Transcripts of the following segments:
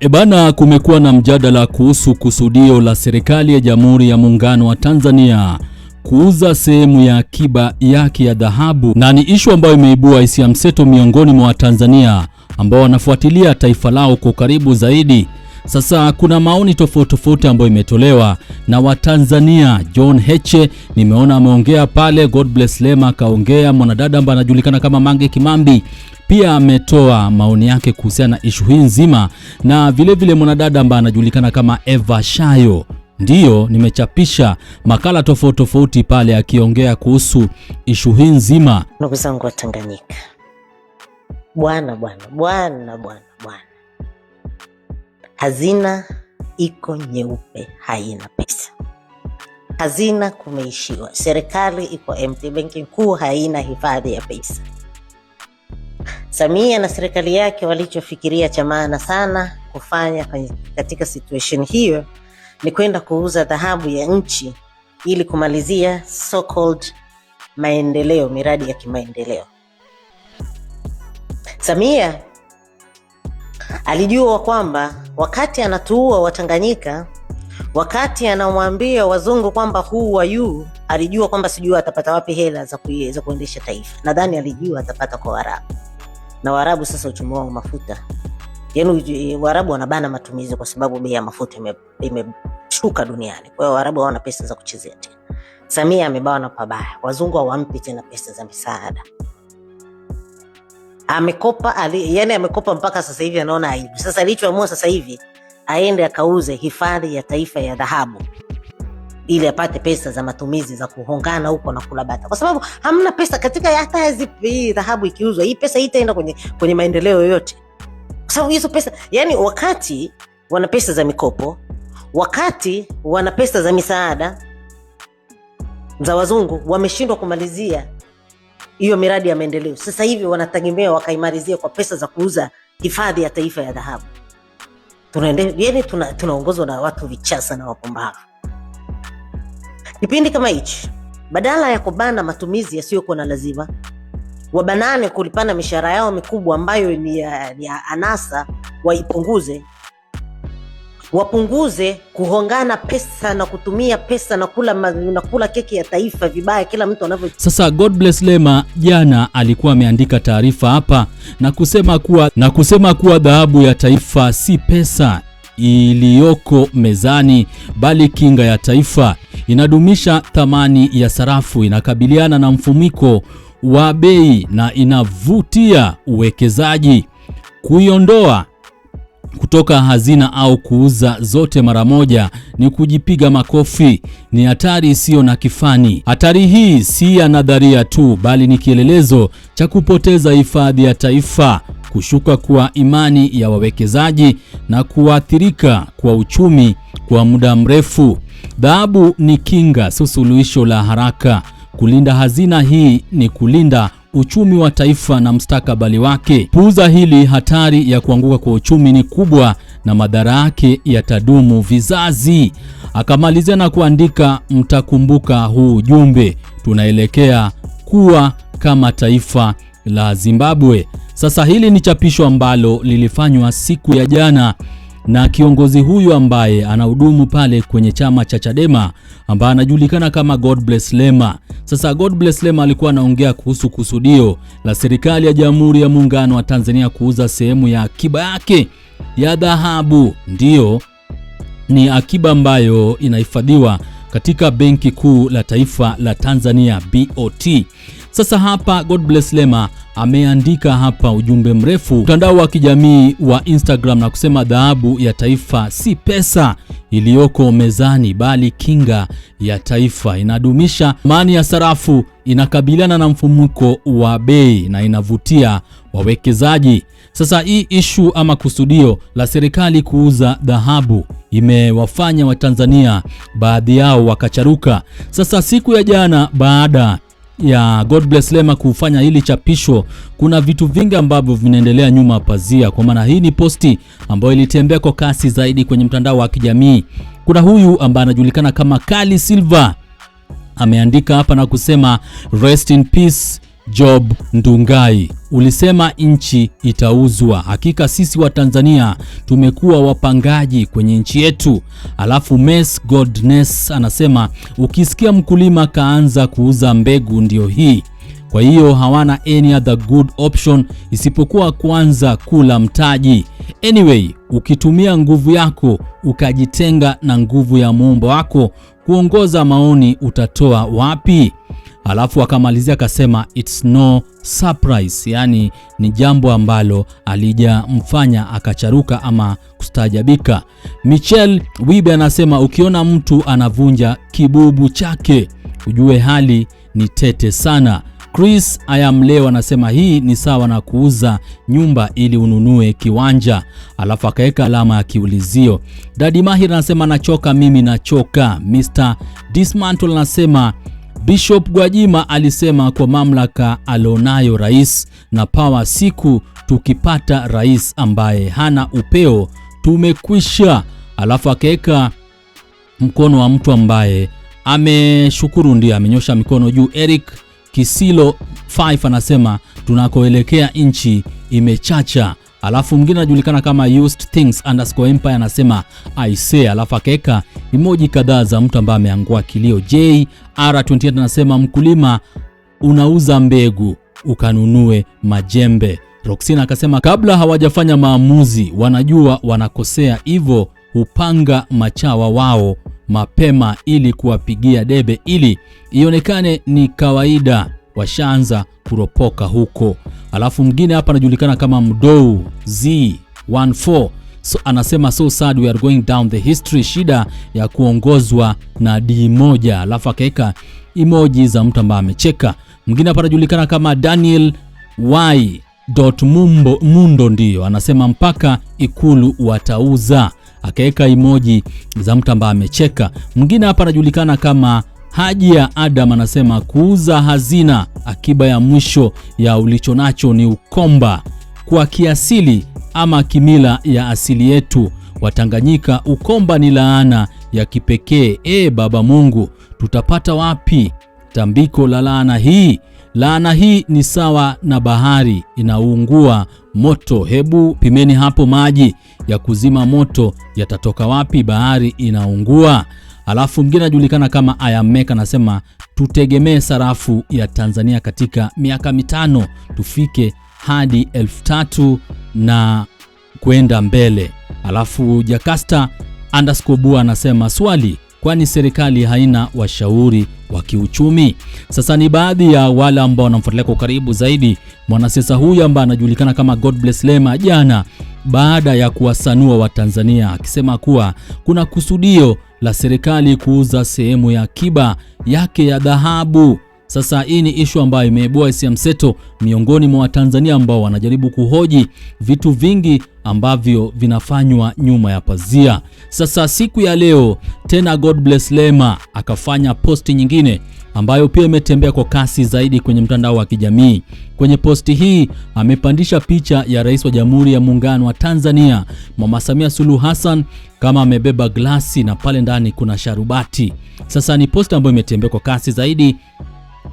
ebana kumekuwa na mjadala kuhusu kusudio la serikali ya Jamhuri ya Muungano wa Tanzania kuuza sehemu ya akiba yake ya dhahabu na ni ishu ambayo imeibua hisia mseto miongoni mwa Watanzania ambao wanafuatilia taifa lao kwa karibu zaidi. Sasa kuna maoni tofauti tofauti ambayo imetolewa na Watanzania. John Heche nimeona ameongea pale, God bless Lema akaongea, mwanadada ambaye anajulikana kama Mange Kimambi pia ametoa maoni yake kuhusiana na ishu hii nzima, na vilevile vile mwanadada ambaye anajulikana kama Eva Shayo ndiyo nimechapisha makala tofauti tofauti pale akiongea kuhusu ishu hii nzima. Ndugu zangu wa Tanganyika, bwana bwana bwana bwana Hazina iko nyeupe, haina pesa. Hazina kumeishiwa, serikali iko empty, benki kuu haina hifadhi ya pesa. Samia na serikali yake walichofikiria cha maana sana kufanya katika situation hiyo ni kwenda kuuza dhahabu ya nchi ili kumalizia so called maendeleo, miradi ya kimaendeleo. Samia alijua kwamba wakati anatuua Watanganyika, wakati anamwambia wazungu kwamba huu wa yuu, alijua kwamba sijui atapata wapi hela za, kuendesha taifa. Nadhani alijua atapata kwa Waarabu na Waarabu sasa uchumi wao mafuta, yaani Waarabu wanabana matumizi kwa sababu bei ya mafuta imeshuka ime duniani. Kwa hiyo Waarabu hawana pesa za kuchezea tena. Samia amebawa na pabaya, wazungu hawampi tena pesa za misaada amekopa ali, yani amekopa mpaka sasa hivi anaona aibu. Sasa alichoamua sasa hivi aende akauze hifadhi ya taifa ya dhahabu ili apate pesa za matumizi za kuhongana huko na kulabata, kwa sababu hamna pesa katika hata hii dhahabu. Ikiuzwa hii pesa hii itaenda kwenye, kwenye maendeleo yoyote, kwa sababu hizo pesa yani, wakati wana pesa za mikopo, wakati wana pesa za misaada za wazungu, wameshindwa kumalizia hiyo miradi ya maendeleo. Sasa hivi wanategemea wakaimarizia kwa pesa za kuuza hifadhi ya taifa ya dhahabu. Yaani tunaongozwa tuna, na watu vichasa na wapumbavu. Kipindi kama hichi, badala ya kubana matumizi yasiyokuwa na lazima, wabanane kulipana mishahara yao mikubwa ambayo ni ya, ni ya anasa, waipunguze wapunguze kuhongana pesa na kutumia pesa na kula, na kula keki ya taifa vibaya kila mtu anavyo. Sasa God bless Lema jana alikuwa ameandika taarifa hapa na kusema kuwa na kusema kuwa dhahabu ya taifa si pesa iliyoko mezani bali kinga ya taifa inadumisha thamani ya sarafu, inakabiliana na mfumiko wa bei na inavutia uwekezaji. Kuiondoa kutoka hazina au kuuza zote mara moja ni kujipiga makofi. Ni hatari isiyo na kifani. Hatari hii si ya nadharia tu, bali ni kielelezo cha kupoteza hifadhi ya taifa, kushuka kwa imani ya wawekezaji na kuathirika kwa uchumi kwa muda mrefu. Dhahabu ni kinga, sosuluhisho suluhisho la haraka. Kulinda hazina hii ni kulinda uchumi wa taifa na mstakabali wake. Puuza hili, hatari ya kuanguka kwa uchumi ni kubwa na madhara yake yatadumu vizazi. Akamalizia na kuandika, mtakumbuka huu ujumbe, tunaelekea kuwa kama taifa la Zimbabwe. Sasa hili ni chapisho ambalo lilifanywa siku ya jana na kiongozi huyu ambaye anahudumu pale kwenye chama cha Chadema ambaye anajulikana kama Bless Lema. Sasa Bless Lema alikuwa anaongea kuhusu kusudio la serikali ya Jamhuri ya Muungano wa Tanzania kuuza sehemu ya akiba yake ya dhahabu, ndiyo ni akiba ambayo inahifadhiwa katika Benki Kuu la Taifa la Tanzania BOT. Sasa hapa Godbless Lema ameandika hapa ujumbe mrefu mtandao wa kijamii wa Instagram na kusema dhahabu ya taifa si pesa iliyoko mezani, bali kinga ya taifa. Inadumisha amani ya sarafu, inakabiliana na mfumuko wa bei na inavutia wawekezaji. Sasa hii ishu ama kusudio la serikali kuuza dhahabu imewafanya Watanzania baadhi yao wakacharuka. Sasa siku ya jana baada ya God Bless Lema kufanya hili chapisho, kuna vitu vingi ambavyo vinaendelea nyuma pazia, kwa maana hii ni posti ambayo ilitembea kwa kasi zaidi kwenye mtandao wa kijamii. Kuna huyu ambaye anajulikana kama Kali Silva ameandika hapa na kusema rest in peace Job Ndungai ulisema nchi itauzwa. Hakika sisi wa Tanzania tumekuwa wapangaji kwenye nchi yetu. Alafu Mes Godness anasema ukisikia mkulima kaanza kuuza mbegu, ndiyo hii. Kwa hiyo hawana any other good option isipokuwa kuanza kula mtaji. Anyway, ukitumia nguvu yako ukajitenga na nguvu ya muumba wako kuongoza maoni, utatoa wapi? alafu akamalizia akasema it's no surprise, yaani ni jambo ambalo alijamfanya akacharuka ama kustaajabika. michel Wibe anasema ukiona mtu anavunja kibubu chake ujue hali ni tete sana. Chris Ayamleo anasema hii ni sawa na kuuza nyumba ili ununue kiwanja, alafu akaweka alama ya kiulizio. Dadi Mahir anasema nachoka, mimi nachoka. Mr Dismantle anasema Bishop Gwajima alisema kwa mamlaka alionayo rais na pawa, siku tukipata rais ambaye hana upeo tumekwisha. Alafu akaweka mkono wa mtu ambaye ameshukuru, ndiye amenyosha mikono juu. Eric Kisilo 5 anasema tunakoelekea nchi imechacha. Alafu mwingine anajulikana kama used things underscore empire anasema I say, alafu akaweka emoji kadhaa za mtu ambaye ameangua kilio. JR28 anasema mkulima unauza mbegu ukanunue majembe. Roxina akasema kabla hawajafanya maamuzi wanajua wanakosea, hivyo hupanga machawa wao mapema ili kuwapigia debe ili ionekane ni kawaida washaanza kuropoka huko. Alafu mwingine hapa anajulikana kama Mdou Z14. So, anasema so sad we are going down the history, shida ya kuongozwa na D moja, alafu akaweka emoji za mtu ambaye amecheka. Mwingine hapa anajulikana kama Daniel Y dot mumbo, mundo ndiyo anasema mpaka ikulu watauza, akaweka emoji za mtu ambaye amecheka. Mwingine hapa anajulikana kama Haji ya Adam anasema kuuza hazina, akiba ya mwisho ya ulichonacho ni ukomba. Kwa kiasili ama kimila ya asili yetu Watanganyika, ukomba ni laana ya kipekee. E Baba Mungu, tutapata wapi tambiko la laana hii? Laana hii ni sawa na bahari inaungua moto. Hebu pimeni hapo, maji ya kuzima moto yatatoka wapi? Bahari inaungua. Alafu mwingine anajulikana kama Ayameka anasema tutegemee sarafu ya Tanzania katika miaka mitano tufike hadi elfu tatu na kwenda mbele. Alafu Jakasta underscore bua anasema swali, kwani serikali haina washauri wa kiuchumi? Sasa ni baadhi ya wale ambao wanamfuatilia kwa karibu zaidi mwanasiasa huyu ambaye anajulikana kama God bless Lema, jana baada ya kuwasanua Watanzania akisema kuwa kuna kusudio la serikali kuuza sehemu ya akiba yake ya dhahabu. Sasa hii ni ishu ambayo imeibua hisia mseto miongoni mwa Watanzania ambao wanajaribu kuhoji vitu vingi ambavyo vinafanywa nyuma ya pazia. Sasa siku ya leo tena God bless Lema akafanya posti nyingine ambayo pia imetembea kwa kasi zaidi kwenye mtandao wa kijamii. Kwenye posti hii amepandisha picha ya Rais wa Jamhuri ya Muungano wa Tanzania Mama Samia Suluhu Hassan kama amebeba glasi na pale ndani kuna sharubati. Sasa ni posti ambayo imetembea kwa kasi zaidi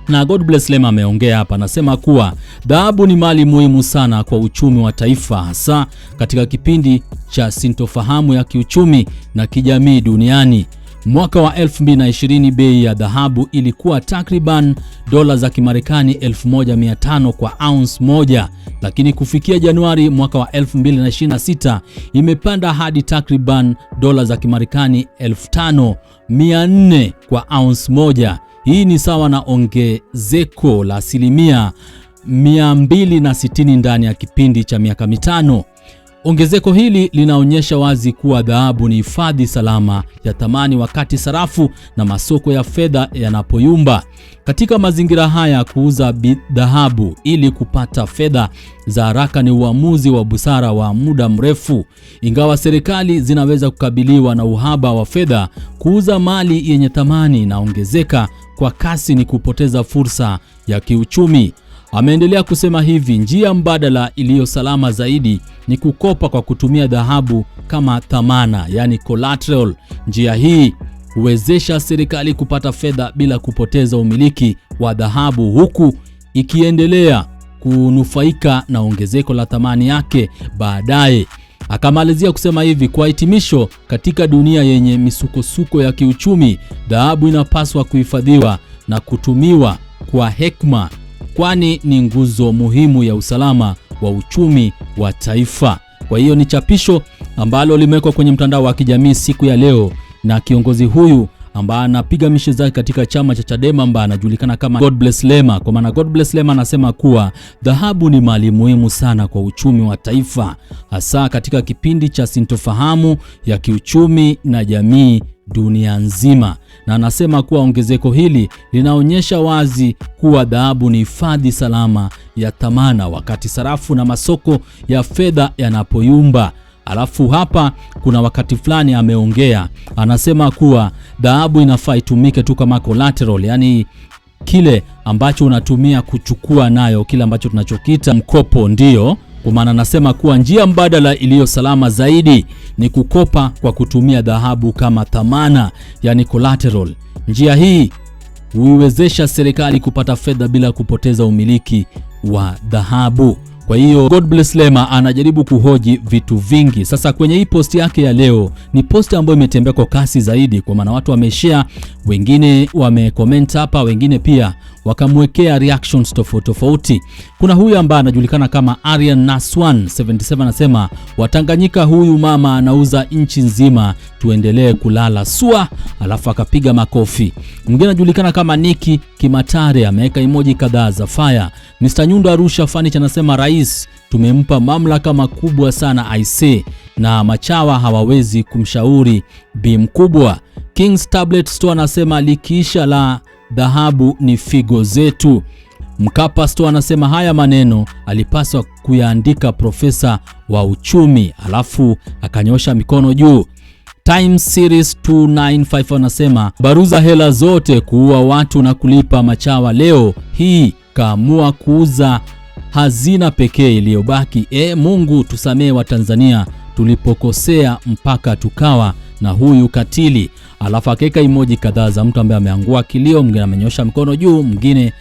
na God bless Lema ameongea hapa, anasema kuwa dhahabu ni mali muhimu sana kwa uchumi wa taifa, hasa katika kipindi cha sintofahamu ya kiuchumi na kijamii duniani. Mwaka wa 2020 bei ya dhahabu ilikuwa takriban dola za Kimarekani 1500 kwa ounce moja, lakini kufikia Januari mwaka wa 2026 imepanda hadi takriban dola za Kimarekani 5400 kwa ounce moja. Hii ni sawa na ongezeko la asilimia 260 ndani ya kipindi cha miaka mitano. Ongezeko hili linaonyesha wazi kuwa dhahabu ni hifadhi salama ya thamani wakati sarafu na masoko ya fedha yanapoyumba. Katika mazingira haya, kuuza dhahabu ili kupata fedha za haraka ni uamuzi wa busara wa muda mrefu. Ingawa serikali zinaweza kukabiliwa na uhaba wa fedha, kuuza mali yenye thamani inaongezeka kwa kasi ni kupoteza fursa ya kiuchumi. Ameendelea kusema hivi, njia mbadala iliyo salama zaidi ni kukopa kwa kutumia dhahabu kama thamana yani collateral. Njia hii huwezesha serikali kupata fedha bila kupoteza umiliki wa dhahabu, huku ikiendelea kunufaika na ongezeko la thamani yake baadaye. Akamalizia kusema hivi, kwa hitimisho, katika dunia yenye misukosuko ya kiuchumi, dhahabu inapaswa kuhifadhiwa na kutumiwa kwa hekma kwani ni nguzo muhimu ya usalama wa uchumi wa taifa. Kwa hiyo ni chapisho ambalo limewekwa kwenye mtandao wa kijamii siku ya leo na kiongozi huyu ambaye anapiga mishe zake katika chama cha Chadema ambaye anajulikana kama God Bless Lema. Kwa maana God Bless Lema anasema kuwa dhahabu ni mali muhimu sana kwa uchumi wa taifa, hasa katika kipindi cha sintofahamu ya kiuchumi na jamii dunia nzima, na anasema kuwa ongezeko hili linaonyesha wazi kuwa dhahabu ni hifadhi salama ya thamana wakati sarafu na masoko ya fedha yanapoyumba. Alafu hapa kuna wakati fulani ameongea, anasema kuwa dhahabu inafaa itumike tu kama collateral, yani kile ambacho unatumia kuchukua nayo, kile ambacho tunachokita mkopo, ndio kwa maana anasema kuwa njia mbadala iliyo salama zaidi ni kukopa kwa kutumia dhahabu kama thamana yani collateral. Njia hii huiwezesha serikali kupata fedha bila kupoteza umiliki wa dhahabu. Kwa hiyo God bless Lema anajaribu kuhoji vitu vingi. Sasa kwenye hii posti yake ya leo, ni posti ambayo imetembea kwa kasi zaidi, kwa maana watu wameshare, wengine wamecomment hapa, wengine pia wakamwekea reactions tofauti tofauti. Kuna huyu ambaye anajulikana kama Aryan Naswan 77 anasema, Watanganyika, huyu mama anauza nchi nzima, tuendelee kulala sua. Alafu akapiga makofi. Mwingine anajulikana kama Niki Kimatare ameweka emoji kadhaa za fire. Mr Nyundo Arusha Furniture anasema, rais tumempa mamlaka makubwa sana IC na machawa hawawezi kumshauri bi mkubwa. Kings Tablet Store anasema likiisha la dhahabu ni figo zetu. Mkapa Store anasema haya maneno alipaswa kuyaandika profesa wa uchumi, alafu akanyosha mikono juu. Time Series 295 anasema baruza hela zote kuua watu na kulipa machawa, leo hii kaamua kuuza hazina pekee iliyobaki. E Mungu tusamee Watanzania tulipokosea mpaka tukawa na huyu katili alafu akaweka emoji kadhaa za mtu ambaye ameangua kilio, mwingine amenyosha mkono juu, mwingine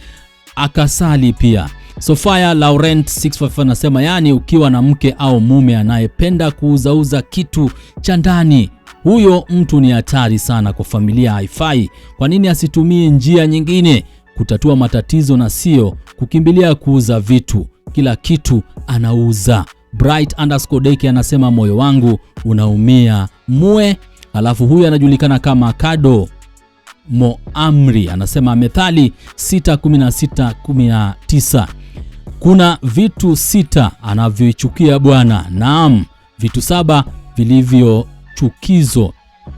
akasali pia. Sofia Laurent 655 anasema yani, ukiwa na mke au mume anayependa kuuzauza kitu cha ndani, huyo mtu ni hatari sana kwa familia, haifai. Kwa nini asitumie njia nyingine kutatua matatizo na sio kukimbilia kuuza vitu? Kila kitu anauza. Bright underscore Deki anasema moyo wangu unaumia mwe Alafu huyu anajulikana kama Kado Moamri anasema Methali 6:16-19, kuna vitu sita anavyoichukia Bwana, naam vitu saba vilivyo chukizo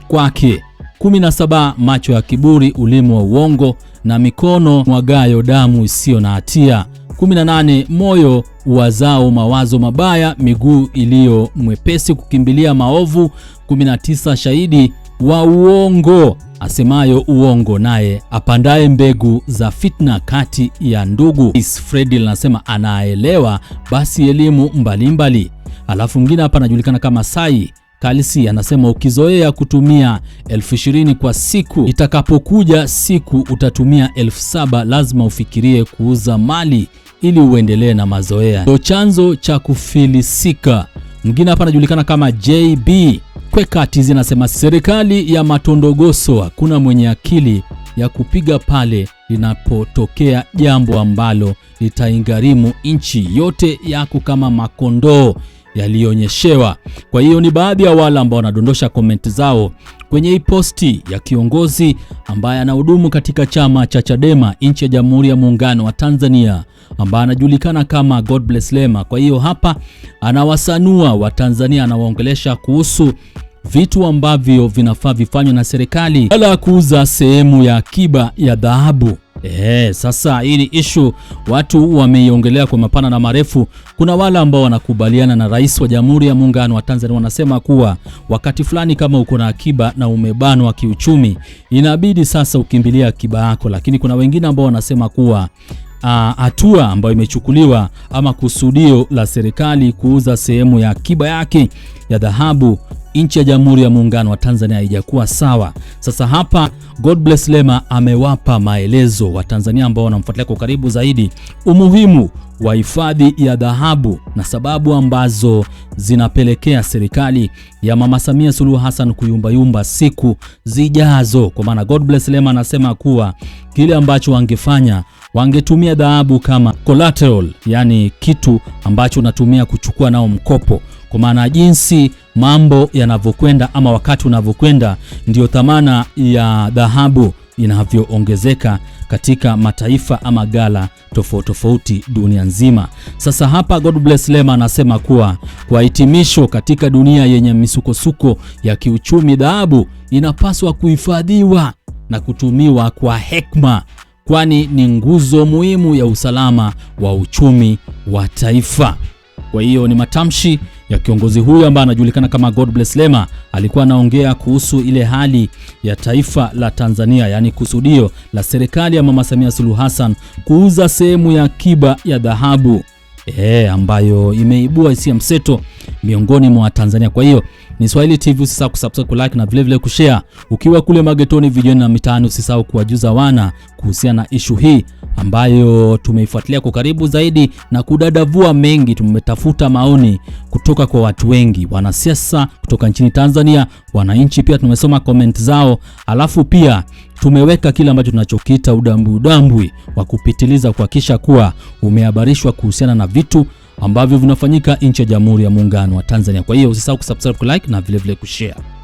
kwake: 17 macho ya kiburi, ulimi wa uongo na mikono mwagayo damu isiyo na hatia; 18 moyo wazao mawazo mabaya, miguu iliyo mwepesi kukimbilia maovu, 19 shahidi wa uongo asemayo uongo naye apandaye mbegu za fitna kati ya ndugu. Fredi anasema anaelewa basi elimu mbalimbali. Alafu mwingine hapa anajulikana kama Sai Kalisi anasema ukizoea kutumia elfu ishirini kwa siku, itakapokuja siku utatumia elfu saba lazima ufikirie kuuza mali ili uendelee na mazoea. Ndio chanzo cha kufilisika. Mwingine hapa anajulikana kama JB Kwekatizi, zinasema serikali ya matondogoso, hakuna mwenye akili ya kupiga pale linapotokea jambo ambalo litaingarimu nchi yote yako kama makondoo yaliyoonyeshewa. Kwa hiyo ni baadhi ya wale ambao wanadondosha komenti zao kwenye hii posti ya kiongozi ambaye anahudumu katika chama cha Chadema nchi ya Jamhuri ya Muungano wa Tanzania ambaye anajulikana kama Bless Lema. Kwa hiyo hapa anawasanua wa tanzania anawaongelesha kuhusu vitu ambavyo vinafaa vifanywe na serikali, wala kuuza sehemu ya akiba ya dhahabu Ehe, sasa hii ni ishu watu wameiongelea kwa mapana na marefu. Kuna wale ambao wanakubaliana na Rais wa Jamhuri ya Muungano wa Tanzania, wanasema kuwa wakati fulani kama uko na akiba na umebanwa kiuchumi, inabidi sasa ukimbilia akiba yako, lakini kuna wengine ambao wanasema kuwa ah, hatua ambayo imechukuliwa ama kusudio la serikali kuuza sehemu ya akiba yake ya dhahabu nchi ya Jamhuri ya Muungano wa Tanzania haijakuwa sawa. Sasa hapa Bless Lema amewapa maelezo Watanzania ambao wanamfuatilia kwa karibu zaidi umuhimu wa hifadhi ya dhahabu na sababu ambazo zinapelekea serikali ya Mama Samia Suluhu Hassan kuyumbayumba siku zijazo. Kwa maana Bless Lema anasema kuwa kile ambacho wangefanya wangetumia dhahabu kama collateral, yani kitu ambacho unatumia kuchukua nao mkopo, kwa maana jinsi mambo yanavyokwenda ama wakati unavyokwenda, ndiyo thamana ya dhahabu inavyoongezeka katika mataifa ama gala tofauti tofauti dunia nzima. Sasa hapa God bless Lema anasema kuwa kwa hitimisho, katika dunia yenye misukosuko ya kiuchumi, dhahabu inapaswa kuhifadhiwa na kutumiwa kwa hekma, kwani ni nguzo muhimu ya usalama wa uchumi wa taifa. Kwa hiyo ni matamshi ya kiongozi huyo ambaye anajulikana kama God Bless Lema. Alikuwa anaongea kuhusu ile hali ya taifa la Tanzania, yaani kusudio la serikali ya Mama Samia Suluhu Hassan kuuza sehemu ya akiba ya dhahabu e, ambayo imeibua hisia mseto miongoni mwa Tanzania. Kwa hiyo ni Swahili TV, usisahau kusubscribe, kulike na vilevile kushare. Ukiwa kule magetoni, vijijini na mitaani, usisahau kuwajuza wana kuhusiana na ishu hii ambayo tumeifuatilia kwa karibu zaidi na kudadavua mengi. Tumetafuta maoni kutoka kwa watu wengi, wanasiasa kutoka nchini Tanzania, wananchi pia tumesoma comment zao, alafu pia tumeweka kile ambacho tunachokiita udambu udambwi wa kupitiliza, kuhakikisha kuwa umehabarishwa kuhusiana na vitu ambavyo vinafanyika nchi ya Jamhuri ya Muungano wa Tanzania. Kwa hiyo usisahau kusubscribe, kulike na vilevile kushare.